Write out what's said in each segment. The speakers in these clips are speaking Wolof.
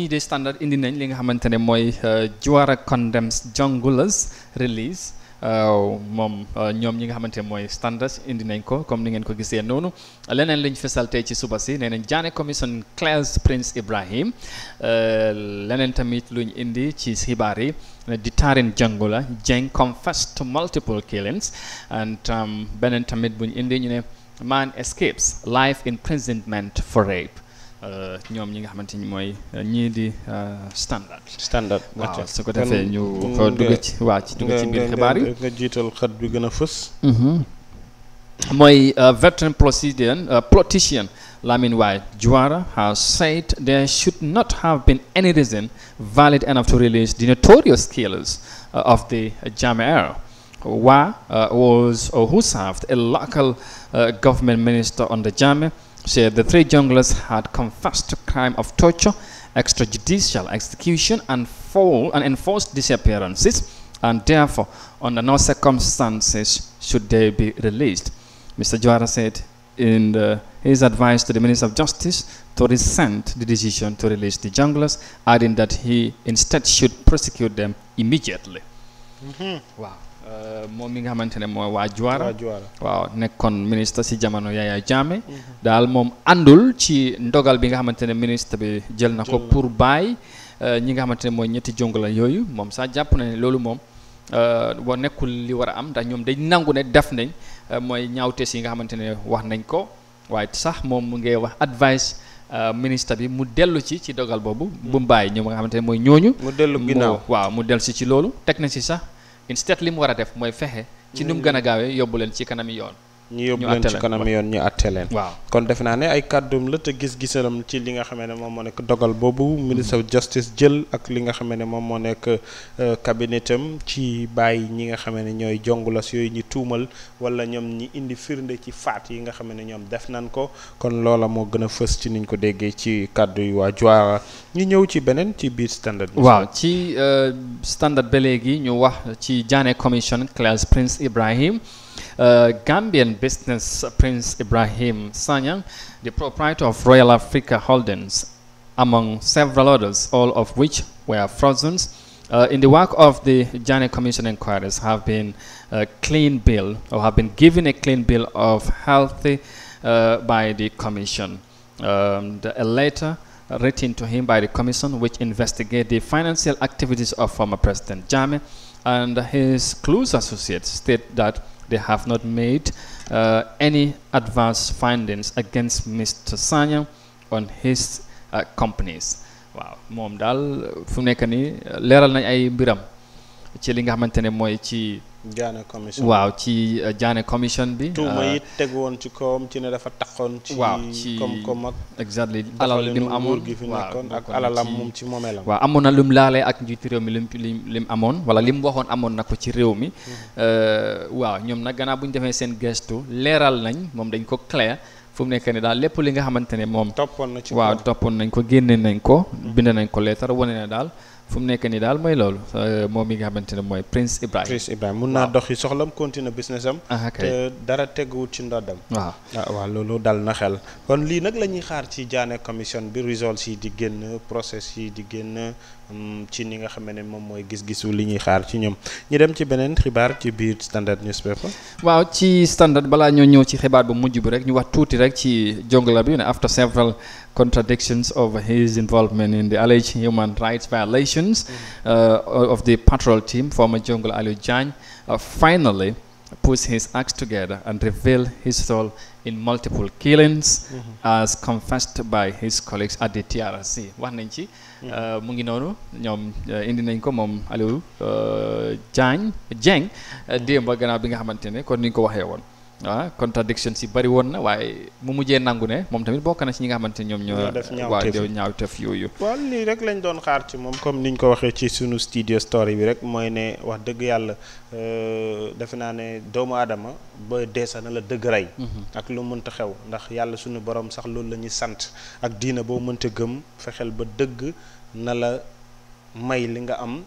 ñii de standard indi nañ li nga xamante ne mooy euh, Juwara Condemns Jungula's release euh, moom euh, ñoom ñi nga xamante ne mooy standard indi nañ ko comme ni ngeen ko gisee noonu leneen liñ fesal tey ci suba si nee nañ Janneh commission Claire's Prince Ibrahim leneen tamit luñ indi ci xibaar yi di Tarin Jungula Jeng confessed to multiple killings and um, beneen tamit buñ indi ñu ne man escapes life imprisonment for rape Eh, ñoom ñi nga xamante ni mooy eh, ñii di eh, standard. standard waaw su ko defee ñu. dugg ci waa ci dugg ci biir xibaar yi nga jiital xat bi gën a fës. Mhm. mooy veteran politician politician Lamine Juara has said there should not have been any reason valid enough to release the notorious killers of the Jamiar. Wa was or who served a local government minister on the Jami. Said the three junglers had confessed to crime of torture, extrajudicial execution, and, full, and enforced disappearances, and therefore, under no circumstances should they be released. Mr. Juara said in the, his advice to the Minister of Justice to resent the decision to release the junglers, adding that he instead should prosecute them immediately. Mm -hmm. Wow. Euh, moom mi nga xamante ne mooy waa Juwara waaw nekkoon ministre si jamono Yaya Jammeh mhm. daal moom àndul ci ndogal bi nga xamante ne ministre bi jël na ko pour bàyyi euh, ñi nga xamante ne mooy ñetti jongla yooyu moom sax jàpp na ne loolu moom euh, wa nekkul li war a am ndax ñoom dañ nangu ne def nañ mooy ñaawtees yi nga xamante ne wax nañ ko waaye sax moom mu ngay wax advice ministre bi mu dellu ci ci dogal boobu bu mu bàyyi ñoom nga xamante ne mooy ñooñu mu dellu ginnaaw waaw mu dellu si ci loolu teg na si sax instead li mu war a def mooy fexe ci nu mu gën a yóbbu leen ci kanami yoon ñu yóbbu leen ci kanam yoon ñu àtte leen waaw kon defe naa ne ay kàddum la te gis-gisalam ci li nga xamee ne moom moo nekk dogal boobu ministre of justice jël ak li nga xamee ne moom moo nekk euh, cabinetam ci bàyyi ñi nga xamee ne ñooy jongulas yooyu ñu tuumal wala ñoom ñi indi firnde ci faat yi nga xamee ne ñoom def nan ko kon loola moo gën a fës ci niñ ko déggee ci kàddu yu waa Diawara ñu ñëw ci beneen ci biir standard waaw ci euh, standard ba léegi ñu wax ci Diané commission Class Prince Ibrahim Uh, Gambian business Prince Ibrahim Sanyang, the proprietor of Royal Africa Holdings, among several others, all of which were frozen, uh, in the work of the Janet Commission inquiries have been a uh, clean bill or have been given a clean bill of healthy uh, by the Commission. Um, the, a letter written to him by the Commission which investigate the financial activities of former President Jammeh and his close associates state that they have not made uh, any advance findings against Mr. Sanya on his uh, companies Wow, moom daal fu mu nekk nii leeral nañ ay mbiram Diané waaw ci Diané euh, commission bi. tuuma euh, yi teg woon ci kawam ci ne dafa taxoon. ci koom-koom ak. exactly alal li mu amoon gi fi nekkoon ak alalam moom ci moomeelam. waaw amoon na lu mu laalee ak njiitu réew mi lim lim amoon wala lim waxoon amoon na ko ci réew mi. Mm-hmm. Euh, waaw ñoom nag gannaaw bu ñu defee seen gestu leeral nañ moom dañ ko clair. fu mu nekk nii daal lépp li nga xamante ne moom. toppoon na ci waaw toppoon nañ ko génne nañ ko. Mm-hmm. bind nañ ko leetar wane na daal. fu mu nekk nii daal mooy loolu euh, moom mi nga xamante ne mooy Prince Ibrahim. Prince Ibrahim mun naa dox yi soxlam continuer business am. Ah, te dara teguwul ci ndoddam. waaw ah, waaw loolu dal na xel. kon lii nag lañuy xaar ci Diané commission bi results yi di génn process yi di génn mm, ci ni nga xam ne moom mooy gis-gisu li ñuy xaar ci ñoom ñu dem ci beneen xibaar ci biir standard newspaper. waaw ci standard balaa ñoo ñëw ci xibaar bu mujj bi rek ñu wax tuuti rek ci jongla bi ne contradictions of his involvement in the alleged human rights violations mm. of the patrol team, former Jungle Ali Jan, uh, finally puts his acts together and reveal his role in multiple killings mm -hmm. as confessed by his colleagues at the TRC wax nañ ci mm-hmm. uh, mu ngi noonu ñoom indi nañ ko moom Aliou jeng, Dieng mm-hmm. démb gannaaw nga xamante ne kon ni ñu ko waaw ah, contradiction si bari woon na waaye mu mujjee nangu ne moom tamit bokk na si ñi nga xamante ñoom ñoo waaw def ñaawtef yooyu waaw lii rek lañ doon xaar ci moom comme niñ ko waxee ci sunu studio story bi rek mooy ne wax dëgg yàlla euh, defe naa ne doomu aadama ba deesa na la dëgg rey mhm. ak lu mënta xew ndax yàlla suñu borom sax loolu lañuy sant ak diina boo mënta gëm fexeel ba dëgg na la may li nga am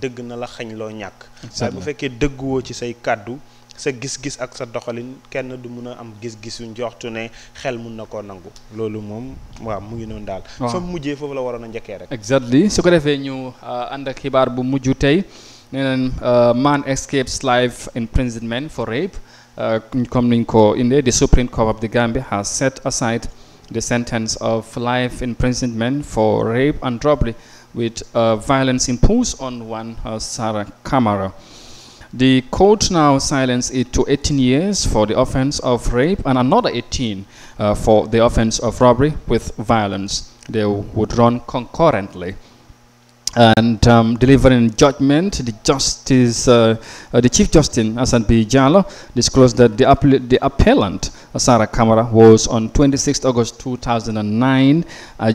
dëgg na la xañ loo ñàkk waaye bu fekkee dëgguwoo ci say kàddu sa gis-gis ak sa doxalin kenn du mun a am gis-gis yu njoxtu ne xel mun na koo nangu loolu mom wa mu ngi noonu daal fa mu mujjee foofu la waroon a rek exactly su ko defee ñu uh, ànd ak xibaar bu mujj tey nee uh, man escapes life imprisonment for rape uh, comme niñ ko indee the Supreme Court of the Gambia has set aside the sentence of life imprisonment for rape and robbery with uh, violence imposed on one uh, Sarah Kamara. The court now sentenced it to 18 years for the offense of rape and another 18 uh, for the offense of robbery with violence. They would run concurrently. And um, delivering judgment, the justice, uh, uh, the Chief Justice Asan B. Jalo disclosed that the, app the appellant, Sarah Kamara, was on 26 August 2009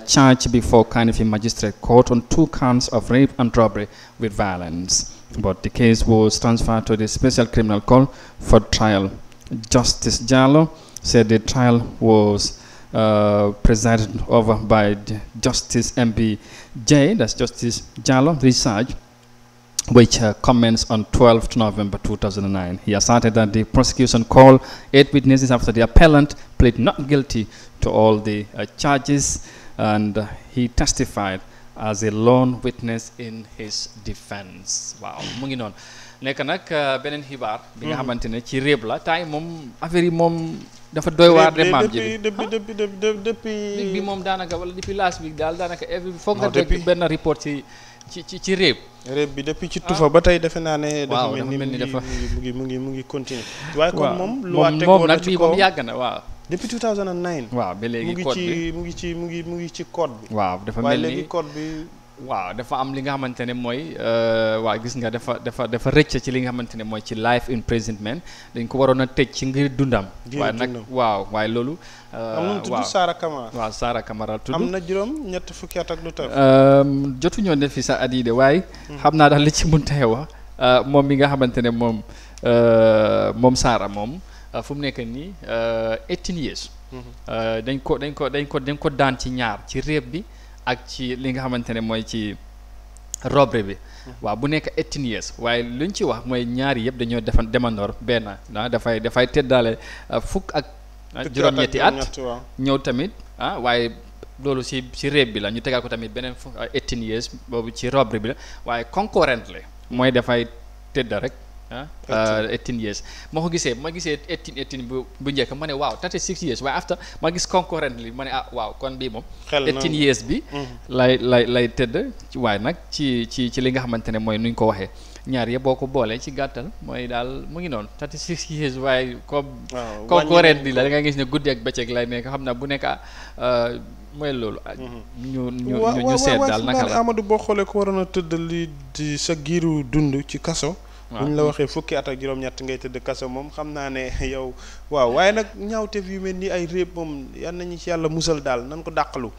charged before Carnegie Magistrate Court on two counts of rape and robbery with violence but the case was transferred to the Special Criminal Court for trial. Justice Jallo said the trial was uh, presided over by Justice MBJ, that's Justice Jallo Research, which uh, comments on 12 November 2009. He asserted that the prosecution called eight witnesses after the appellant pleaded not guilty to all the uh, charges, and uh, he testified as a lone witness in his defense waaw mu ngi noonu nekk nag uh, beneen xibaar. bi nga mm-hmm. xamante ne ci réeb la taay moom affaire yi moom. dafa doy waar de maam ji depuis depuis depuis depuis. bi moom daanaka wala depuis last week daal daanaka. foog nga dégg benn report ci ci ci ci réeb. réeb bi depuis ci ah. tufa ba tey defe naa ne. dafa mel ni mu ngi mu ngi mu ngi mu ngi continuer. waaye kon moom lu waa tegoon na nag bii moom yàgg na waaw. depuis 2009. waaw ba léegi code bi mu ngi ci mu ngi mu ngi ci code bi. waaw dafa mel ni code bi. waaw dafa am li nga xamante ne mooy euh, waa gis nga dafa dafa dafa rëcc ci li nga xamante ne mooy ci life imprisonment dañ ko waroon a tëj ci ngir dundam. waaye nag waaw waaye loolu. Euh, am na tudd Sara na juróom ñett fukki at ak lu tëb. Euh, jotuñoo ne fi sa at de waaye. Hmm. xam naa daal li ci mun a wax moom mi nga xamante ne moom moom saara moom. Euh, fu mu nekk nii eighteen euh, years mhm. euh, dañ ko dañ ko dañ ko dañ ko daan ci ñaar ci réeb bi ak ci li nga xamante ne mooy ci robre bi mhm. waaw bu nekk eighteen years waaye luñ ci wax mooy ñaari yëpp dañoo defan demandoor benn ah dafay dafay teddaale ah, fukk ak juróom-ñetti at ñëw tamit ah waaye loolu si si réeb bi la ñu tegal ko tamit beneen eighteen years boobu ci robre bi la waaye concurrent la mooy dafay tëdda rek ah. eighteen years ma ko gisee ma gisee eighteen eighteen bu bu njëkk ma ne waaw thirty six years waaye after ma gis concurrently ma ne ah waaw kon bii moom. eighteen years bi. Mm-hmm. lay lay lay tëdd waaye nag ci ci ci li nga xamante ne mooy nuñ ko waxee. ñaar yëpp boo ko boolee ci gàttal mooy daal mu ngi noonu thirty six years waaye comme. waaw concurrent bi la da nga gis ne guddi ak bëccëg lay nekk xam naa bu nekk uh, mooy loolu. Mm-hmm. ñu ñu ñu seet daal naka la Amadou boo xoolee ko waroon a tëdd lii di sa giiru dund ci kaso. buñ la waxee fukki at ak juróom-ñett ngay tëdd kaso moom xam naa ne yow waaw waaye nag ñaawteef yu mel ni ay réeb moom yan nañu ci yàlla musal daal nan ko dàqalu